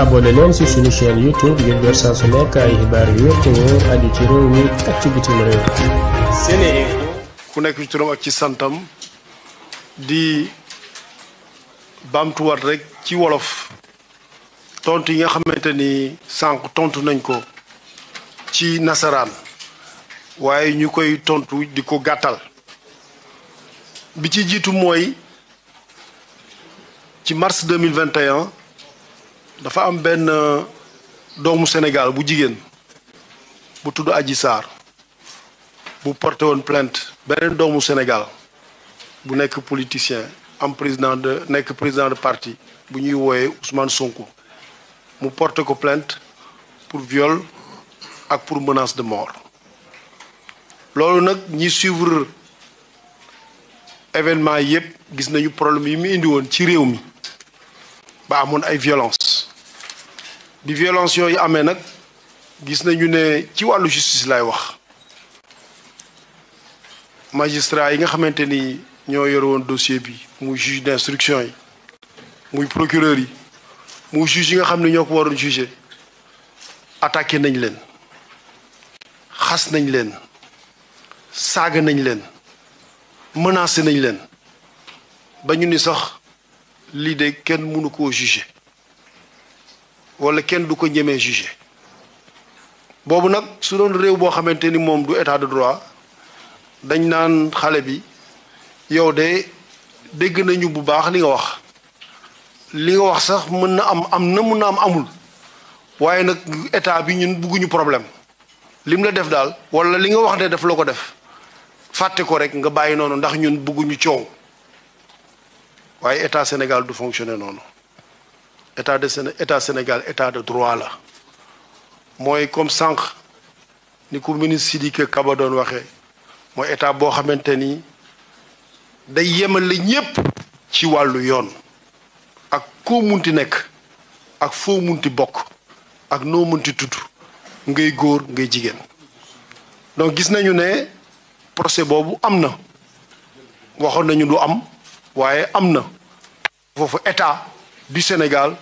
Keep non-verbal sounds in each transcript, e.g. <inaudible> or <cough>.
abonné leen ci suñu chaîne YouTube ngir jot saa su yu wér te wóor aju ci réew mi ku nekk ci turam ci santam di baamtuwaat rek ci wolof. tontu yi nga xamante ni sànq tontu nañ ko ci nasaraan waaye ñu koy tontu di ko gàttal bi ci jiitu mooy ci mars deux mille vingt dafa am benn euh, doomu Sénégal bu jigéen bu tudd aji saar bu porté woon plainte beneen doomu Sénégal bu nekk politicien am président de nekk président de parti bu ñuy wooyee Ousmane Sonko mu porté ko plainte pour viol ak pour menance de mort loolu nag ñi suivre événement yépp gis nañu problème yi mu indi woon ci réew mi ba amoon ay violence bi violence yooyu amee nag gis nañu ne ci wàllu justice lay wax magistrat yi nga xamante ni ñoo yore woon dossier bi muy juge d'instruction yi muy procureur yi muy juge yi nga xam ne ñoo ko waroon juger attaqué nañ leen xas nañ leen saaga nañ leen menacé nañ leen ba ñu ni sax lii de kenn mënu koo juger wala kenn du ko ñemee jugé boobu nag su doon réew boo xamante ni moom du état de droit dañ naan xale bi yow de dégg nañu bu baax li nga wax li nga wax sax mën na am am na mën na am amul waaye nag état bi ñun bugguñu problème lim la def daal wala li nga wax ne daf la ko def fàtte ko rek nga bàyyi noonu ndax ñun bugguñu coow waaye état Sénégal du fonctionner noonu état de état Sénégal état de droit la mooy comme sànq ni ko ministre di Sidiki Kaba doon waxee mooy état boo xamante ni day yemale ñépp ci wàllu yoon ak koo munti nekk ak foo munti bokk ak noo munti tudd ngay góor ngay jigéen donc gis nañu ne procès boobu am na waxoon nañu du am waaye am na foofu état du Sénégal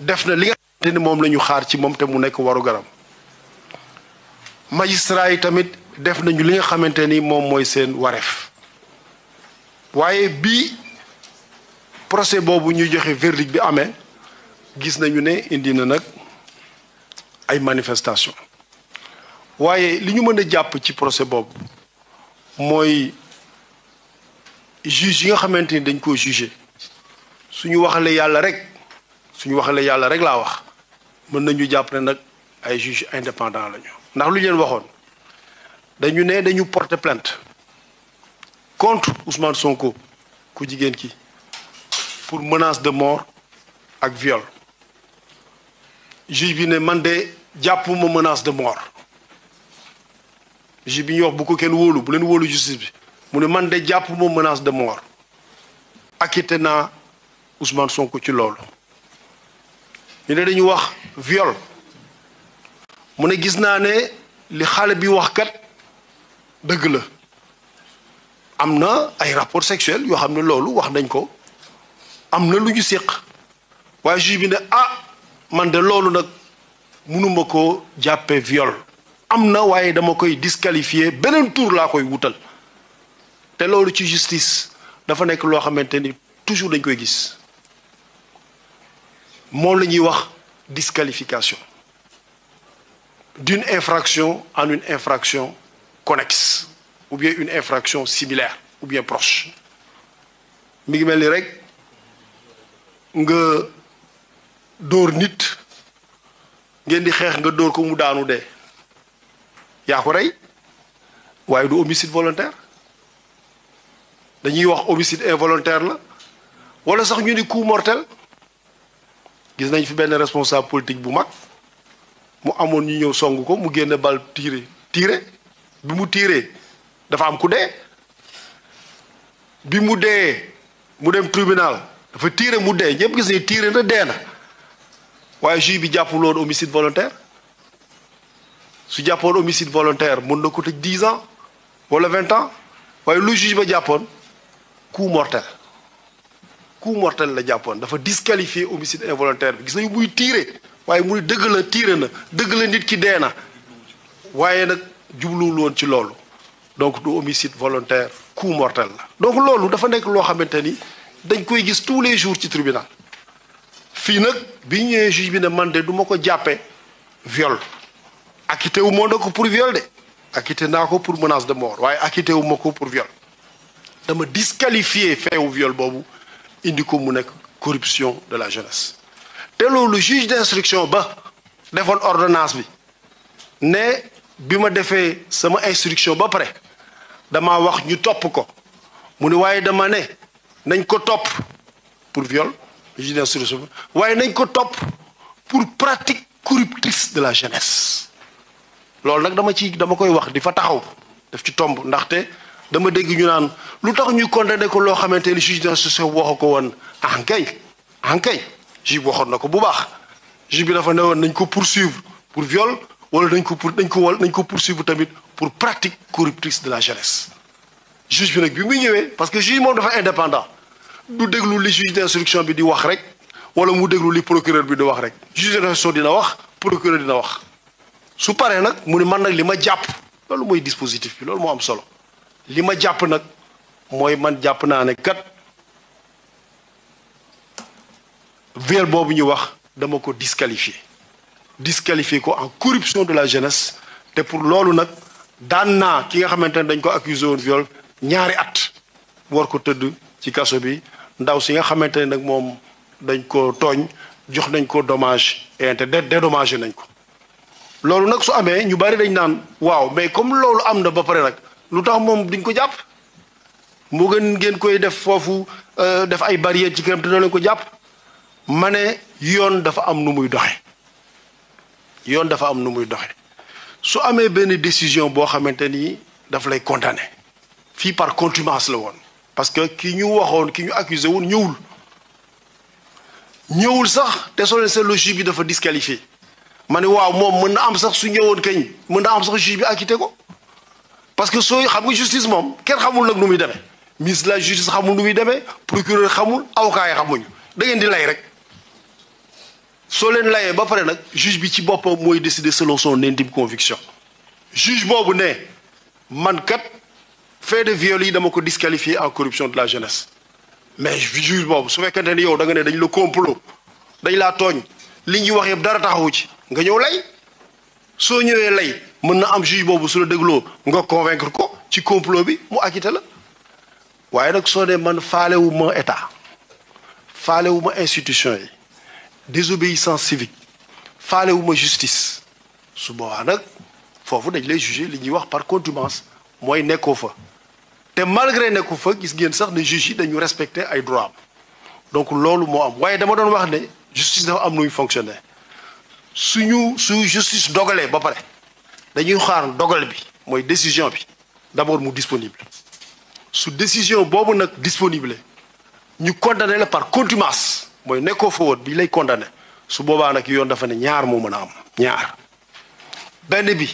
def na li nga xamante ni moom la ñu xaar ci moom te mu nekk waru garam magistrat tamit def nañu li nga xamante ni moom mooy seen wareef waaye bi procès boobu ñuy joxe verdict bi amee gis nañu ne indi na nag ay manifestation waaye li ñu mën a jàpp ci procès boobu mooy juge yi nga xamante ni dañ ko jugé suñu waxale yàlla rek suñu waxalee yàlla rek laa wax mën nañu jàpp nag ay juge indépendant lañu ndax lu leen waxoon dañu ne dañu porter plainte contre Ousmane Sonko ku jigéen ki pour menace de mort ak viol juge bi ne man de jàppuma menace de mort juge bi ñuy wax ko kenn wóolu bu leen wóolu justice bi mu ne man de jàppuma menace de mort acquitté naa Ousmane Sonko ci loolu ñu ne dañu wax viole mu ne gis naa ne li xale bi wax kat dëgg la am na ay rapport sexuel yoo xam ne loolu wax nañ ko am na lu ñu séq waaye juge bi ne ah man de loolu nag mënuma ko jàppe viole am na waaye dama koy disqualifier beneen tour laa koy wutal te loolu ci justice dafa nekk loo xamante ni toujours dañ koy gis moom la ñuy wax disqualification d'une infraction en une infraction connexe ou bien une infraction similaire ou bien proche mi ngi mel ni rek nga dóor nit ngeen di xeex nga dóor ko mu daanu de yaa ko rey waaye du homicide volontaire dañuy wax homicide involontaire la wala sax ñu ni coup mortel gis nañ fi benn responsable politique bu mag mu amoon ñu ñëw song ko mu génn bal tiire tiire bi mu tiiree dafa am ku dee bi mu dee mu dem tribunal dafa tiire mu dee ñëpp gis ni tiire na dee na waaye juge bi jàppul woon homicide volontaire su jàppoon homicide volontaire mun na ko tëj dix ans wala vingt ans waaye lu juge ba jàppoon coup mortel coup mortel la jàppoon dafa disqualifier homicide involontaire bi gis nañu buy tiire waaye muy dëgg la tiire na dëgg la nit ki dee na waaye nag jubluwul woon ci loolu donc du homicide volontaire coup mortel la. donc loolu dafa nekk loo xamante ni dañ koy gis tous les jours ci tribunal fii nag bi ñëwee juge bi ne man de duma ko jàppee viol acquitté wu moo na ko pour viol de acquitté naa ko pour menace de mort waaye acquitté wu ko pour viol dama disqualifier feewu viol boobu. indi ko mu nekk corruption de la jeunesse te loolu juge d'instruction ba defoon ordonnance bi ne bi ma defee sama instruction ba pare dama wax ñu topp ko mu ne waaye dama ne nañ ko topp pour viol juge d'instruction ba waaye nañ ko topp pour pratique corruptrice de la jeunesse loolu nag dama ci dama koy wax di fa taxaw def ci tomb ndaxte dama dégg ñu naan lu tax ñu condamné ko loo xamante ni juge d'instruction waxu ko woon ankay ankay juge waxoon na ko bu baax juge bi dafa ne woon nañ ko pour poursuivre pour viol wala dañ ko pour dañ ko wal nañ ko poursuivre tamit pour pratique corruptrice de la jeunesse juge bi nag bi muy ñëwee parce que juge moom dafa indépendant du déglu li juge d'instruction bi di wax rek wala mu déglu li procureur bi di wax rek juge d'instruction dina wax procureur dina wax su paree nag mu ne man nag li ma jàpp loolu mooy dispositif bi loolu moo am solo li ma jàpp nag mooy man jàpp naa ne kat viol boobu ñu wax dama ko disqualifié disqualifié ko en corruption de la jeunesse te pour loolu nag daan naa ki nga xamante ne dañ ko accusé woon viol ñaari at war ko tëdd ci kaso bi ndaw si nga xamante ne nag moom dañ ko tooñ jox nañ ko domage et intérêt dédommagé nañ ko loolu nag su amee ñu bari dañ naan waaw mais comme loolu am na ba pare nag lu tax moom duñ ko jàpp mu gën ngeen koy def foofu euh, def ay barrière ci këram te doo leen ko jàpp ma ne yoon dafa am nu muy doxe yoon dafa am nu muy doxe su amee benn décision boo xamante ni daf lay condamné fii par contumace la woon parce que ki ñu waxoon ki ñu accusé woon ñëwul ñëwul sax te soo leen seen logique bi dafa disqualifié ma ne waaw moom mën na am sax su ñëwoon kañ mën na am sax juge bi acquitté ko parce que sooy xam nga justice moom kenn xamul nag nu muy demee ministre de la justice xamul nu muy demee procureur xamul avocat yi xamuñu da ngeen di lay rek soo leen layee ba pare nag juge bi ci boppam mooy décider selon son intime conviction juge boobu ne man kat fait de viole yi dama ko disqualifier en corruption de la jeunesse mais juge boobu su fekkente ni yow da nga ne dañ la complot dañ laa tooñ li ñuy wax yëpp dara taxawu ci nga ñëw lay soo ñëwee lay. mën na am juge boobu su la dégloo nga convaincre ko ci complot bi mu acquitté la waaye nag soo ne man faalewu ma état faalewu ma institution yi désobéissance civique faalewu ma justice su boobaa nag foofu dañ lay juger li ñuy wax par contumace mooy nekkoo fa te malgré nekku fa gis ngeen sax ne juge yi dañu respecter ay droit am donc loolu moo am waaye dama doon wax ne justice dafa am nuy fonctionner suñu su justice dogalee ba pare dañuy xaar dogal bi mooy décision bi d'abord mu disponible su décision boobu nag disponible ñu condamné la par contumace mooy nekkoo fa woon bi lay condamné su boobaa nag yoon dafa ne ñaar moo mën a am ñaar benn bi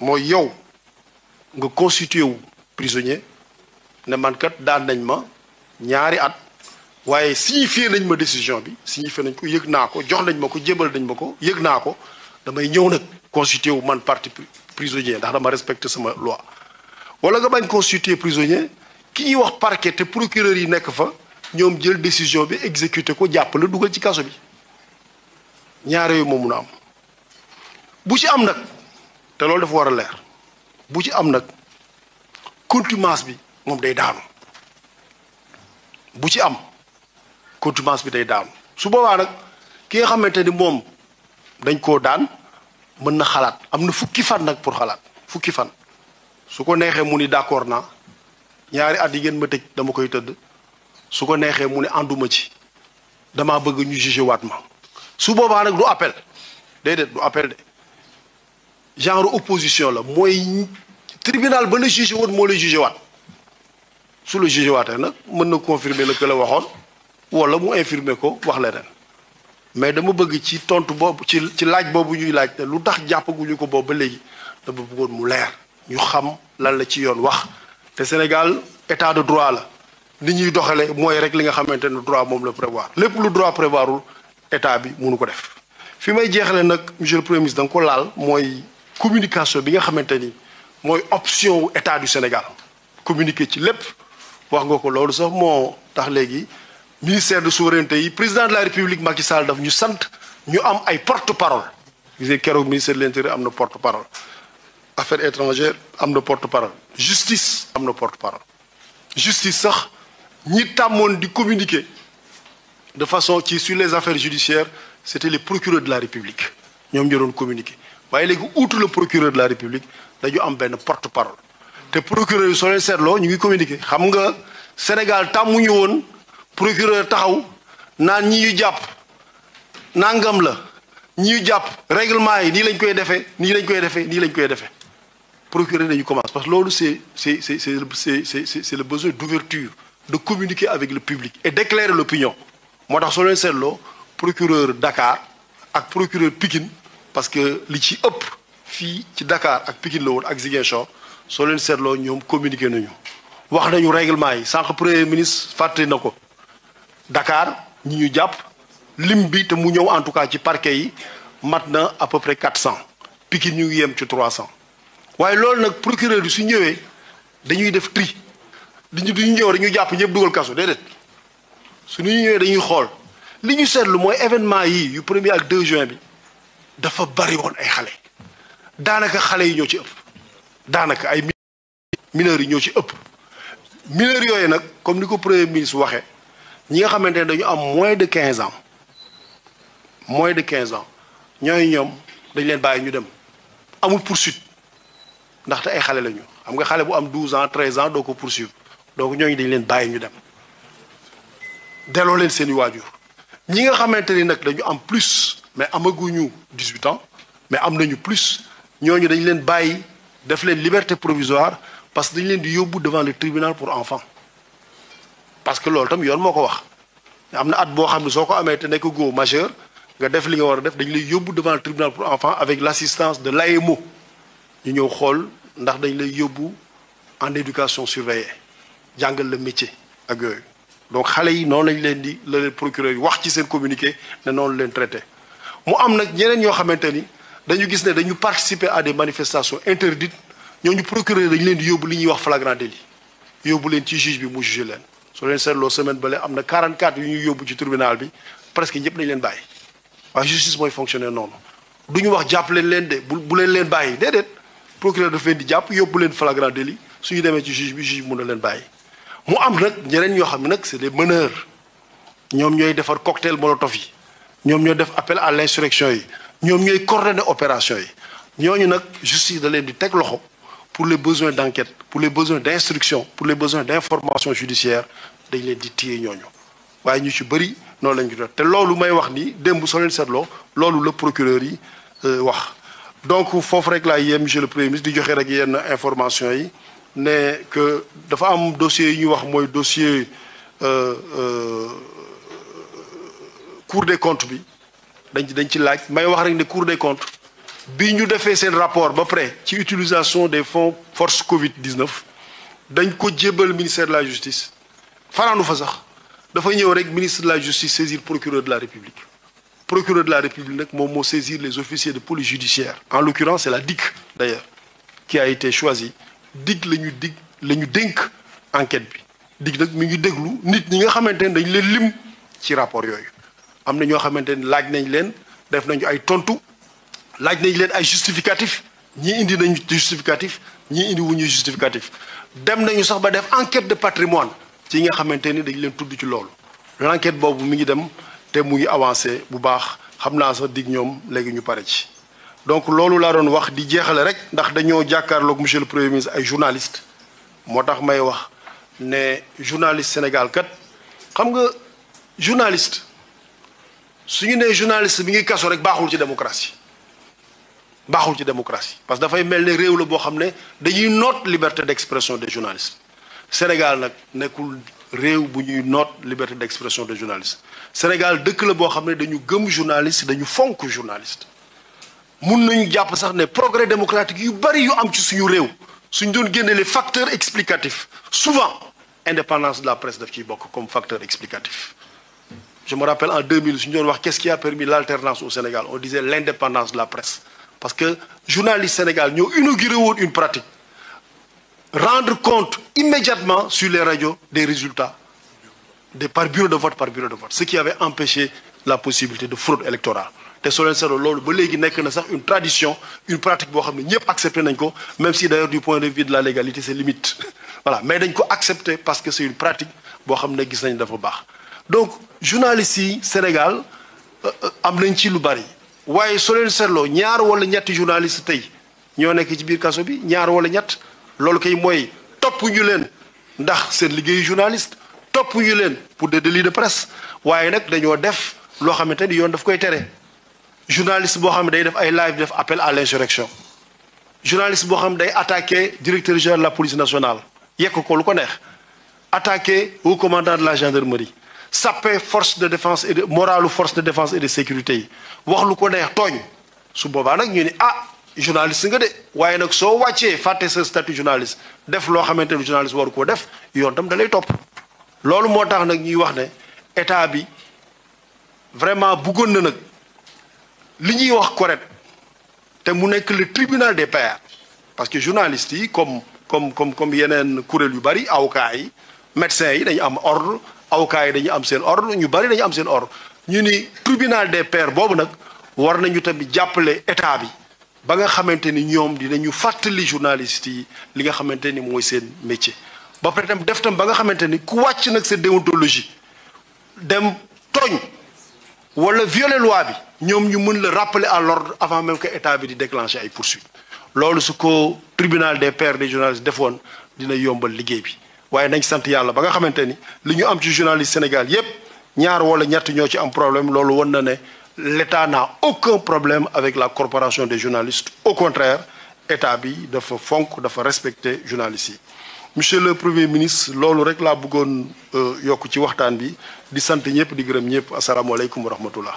mooy yow nga constitué wu prisonnier ne man kat daan nañ ma ñaari at waaye signifié nañ ma décision bi signifié nañ ko yëg naa ko jox nañ ma ko jébal nañ ma ko yëg naa ko damay ñëw nag constitué wu man parti prisonnier ndax dama respecté sama loi wala nga bañ constitué prisonnier ki ñuy wax parquet te procureur yi nekk fa ñoom jël décision bi exécuté ko jàpp la dugal ci kaso bi ñaar yooyu moom mun a am bu ci am nag te loolu dafa war a leer bu ci am nag contimence bi moom day daanu bu ci am contimence bi day daanu su boobaa nag ki nga xamante ni moom dañ koo daan mën na xalaat am na fukki fan nag pour xalaat fukki fan su ko neexee mu ni d'accord naa ñaari at yi ngeen ma tëj dama koy tëdd su ko neexee mu ne ànduma ci damaa bëgg ñu jugé waat ma su boobaa nag du appel déedéet du appel genre opposition la mooy tribunal ba la jugé woon moo la jugé waat su la jugé nag mën na confirmer la que a waxoon wala mu infirmer ko wax leneen mais dama bëgg ci tontu boobu ci ci laaj boobu ñuy laaj te lu tax jàppaguñu ko boobu ba léegi dama bëggoon mu leer ñu xam lan la ci yoon wax te Sénégal état de droit la ni ñuy doxale mooy rek li nga xamante ne droit moom la prévoir lépp lu droit prévoirul état bi mënu ko def fi may jeexale nag monsieur le premier ministre da ko laal mooy communication bi nga xamante ni mooy option wu état du Sénégal communiqué ci lépp wax nga ko loolu sax moo tax léegi ministère de souveraineté yi président de la république Macky Sall daf ñu sant ñu am ay porte parole gisee keroog ministère de l'intérieur am na porte parole affaires étrangères am na porte parole justice am na porte parole justice sax ñi tàmmoon di communiqué de façon ci sur les affaires judiciaires c'était le procureurs de la république ñoom ñoo doon communiquer waaye léegi outre le procureur de la république dañu am benn porte parole te procureur soo seetloo ñu ngi communiquer xam nga Sénégal tàmmuñu woon procureur taxaw naan ñi ñu jàpp nangam la ñi ñu jàpp règlement yi nii lañ koy defee nii lañ koy defee nii lañ koy defee procureur nañu commence parce que loolu c'est c'est c'est le besoin d'ouverture de communiquer avec le public et d'éclairer l'opinion moo tax soo leen seetloo procureur Dakar ak procureur Pikine parce que li ci ëpp fii ci Dakar ak Pikine la woon ak Ziguinchor soo leen seetloo ñoom communiqué nañu wax nañu règlement yi sànq premier ministre fàtte na ko Dakar ñi ñu jàpp lim bi te mu ñëw en tout cas ci parquet yi mat na à peu près quatre cent Pikine ñu ngi yem ci trois cent waaye loolu nag procureur yi su ñëwee dañuy def tri diñu duñu ñëw dañuy jàpp ñëpp dugal kaso déedéet su ñu ñëwee dañuy xool li ñu seetlu mooy événement yi yu premier ak deux juin bi dafa bari woon ay xale daanaka xale yi ñoo ci ëpp daanaka ay mineurs yi ñoo ci ëpp mineurs yooyu nag comme ni ko premier ministre waxee ñi nga xamante ne dañu am moins de quinze ans moins de quinze ans ñooy ñoom dañ leen bàyyi ñu dem amul poursuite ndaxte ay xale lañu xam nga xale bu am douze ans treize ans doo ko poursuivre ñoo ñooñu dañ leen bàyyi ñu dem deloo leen seen i waajur ñi nga xamante ni nag dañu am plus mais amaguñu dix-huit ans mais am nañu plus ñooñu dañu leen bàyyi def leen liberté provisoire parce que dañ leen di yóbbu devant le tribunal pour enfants parce que loolu tam yoon moo ko wax am na at boo xam ne soo ko amee te nekk góob majeur nga def li nga war a def dañu lay yóbbu devant le tribunal pour enfants avec l' assistance de l'AEMO ñu ñëw xool ndax dañ lay yóbbu en éducation surveillée jàngal la métier ak yooyu donc xale yi noonu lañ leen di la leen procureur yi wax ci seen communiqué ne noonu leen traité mu am nag ñeneen ñoo xamante ni dañu gis ne dañu participer à des manifestations interdites ñooñu procureur dañu leen di yóbbu li ñuy wax flagrant délit yóbbu leen ci juge bi mu jugé leen soo leen seetloo semaine bële am na quarante 44 yu ñuy yóbbu ci tribunal bi presque ñëpp dañ leen bàyyi waaye justice mooy fonctionner noonu duñu wax jàpp leen leen de bu bu leen leen bàyyi déedéet procureur de leen di jàpp yóbbu leen flagrant délit suñu demee ci juge bi juge bi mën na leen bàyyi. mu am nag ñeneen ñoo xam ne nag c'est des meneurs ñoom ñooy defar cocktail molotov yi ñoom ñooy def appel à l'insurrection yi ñoom ñooy coordonner opération yi ñooñu nag justice da leen di teg loxo. pour les besoins d'enquête pour les besoins d'instruction pour les besoins d'information judiciaire dañ leen di téye ñooñu waaye ñu ci bëri noonu lañ ko def te loolu may wax ni démb soo leen seetloo loolu la procureur yi euh, wax donc foofu rek laa yem monsieur le premier ministre di joxe rek yenn information yi ne que dafa am dossier yi ñu wax mooy dossier euh, euh, cour des comptes bi dañ ci dañ ci laaj may wax rek ne cour des comptes bi ñu defee seen rapport ba pare ci utilisation des fonds force Covid 19 dañ ko jébbal ministère de la justice fanaanu fa sax dafa ñëw rek ministre de la justice saisir procureur de la république procureur de la république nag moom moo saisir les officiers de police judiciaire en l'occurrence c'est la DIC d'ailleurs qui a été choisie DIC la ñu dig la ñu dénk enquête bi DIC nag mi ngi déglu nit ñi nga xamante ne dañ leen lim ci rapport yooyu am na ñoo xamante ne laaj nañ leen def nañu ay tontu laaj nañ leen ay justificatif ñii indi nañu justificatif ñii indi wuñu justificatif dem nañu sax ba def enquête de patrimoine ci nga xamante ni dañ leen tudd ci loolu l'enquête boobu mi ngi dem te mu ngi avancé bu baax xam naa sax ñoom léegi ñu pare ci donc loolu laa doon wax di jeexale rek ndax dañoo jàkkaarloog monsieur le premier ministre ay journaliste moo tax may wax ne journaliste Sénégal kat xam nga journaliste su ñu nee journaliste bi ngi kaso rek baaxul ci démocratie baaxul ci démocratie parce que dafay mel ne réew la boo xam ne dañuy noot liberté d'expression de journalistes Sénégal nag nekkul réew bu ñuy noot liberté d'expression de journalistes Sénégal dëkk la boo xam ne dañu gëm journaliste dañu fonk journaliste mun nañu jàpp sax ne progrès démocratique yu bari yu am ci suñu réew suñu doon génne facteur explicatif explicatifs souvent indépendance de la presse daf ciy bokk comme facteur explicatif je me rappelle en 2000 suñu doon wax qu'est-ce qui la presse parce que journaliste Sénégal ñoo inauguré woon une pratique rendre compte immédiatement sur les radios des résultats de par bureau de vote par bureau de vote ce qui avait empêché la possibilité de fraude électorale te soo leen seetloo loolu ba léegi nekk na sax une tradition une pratique boo xam ne ñëpp accepté nañ ko même si d'ailleurs du point de vue de la légalité c'est limite <laughs> voilà mais dañ ko accepté parce que c'est une pratique boo xam ne gis nañ dafa baax donc journalistes yi Sénégal euh, euh, am nañ ci lu bari. waaye soo leen seetloo ñaar wala ñetti journaliste tey ñoo nekk ci biir kaso bi ñaar wala ñett loolu kay mooy topp ñu leen ndax seen liggéeyu journaliste topp ñu leen pour de délits de presse waaye nag dañoo def loo xamante ni yoon daf koy tere journaliste boo xam ne day def ay live def appel à l'insurrection journaliste boo xam ne day attaqué directeur général de la police nationale yekk ko lu ko neex attaqué au commandant de la gendarmerie sappe force de défence et de moralu force de défence et de sécurité yi wax lu ko neex tooñ su boobaa nag ñu ne ah journaliste nga de waaye nag soo wàccee fàtte sa statut journaliste def loo xamante ne journaliste waru koo def yoon tam dalay topp. loolu moo tax nag ñuy wax ne état bi vraiment buggoon na nag li ñuy wax correct te mu nekk le tribunal des pairs parce que journaliste yi comme comme comme comme yeneen kuréel yu bari avocat yi médecins yi dañu am ordre. awkaay yi dañu am seen ordre ñu bari dañu am seen ordre ñu ni tribunal des pairs boobu nag war nañu tamit jàppale état bi ba nga xamante ni ñoom dinañu fàttali journaliste yi li nga xamante ni mooy seen métier. ba pare def tam ba nga xamante ni ku wàcc nag sa déontologie dem tooñ wala violer loi bi ñoom ñu mën la rappeler à l'ordre avant même que état bi di déclencher ay poursuites loolu su ko tribunal de pairs des journalistes defoon dina yombal liggéey bi. waaye nañ sant yàlla ba nga xamante ni li ñu am ci journaliste Sénégal yépp ñaar wala ñett ñoo ci am problème loolu wan na ne l'État n'a aucun problème avec la corporation des journalistes au contraire état bi dafa fonk dafa respecter journalistes yi monsieur le premier ministre loolu rek laa bëggoon euh, yokk ci waxtaan bi di sant ñëpp di gërëm ñëpp asalaamaaleykum wa rahmatullah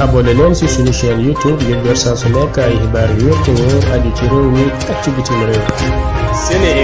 abonné leen ci suñu chaîne YouTube ngir jot yu wér te wóor aju ci réew mi ak ci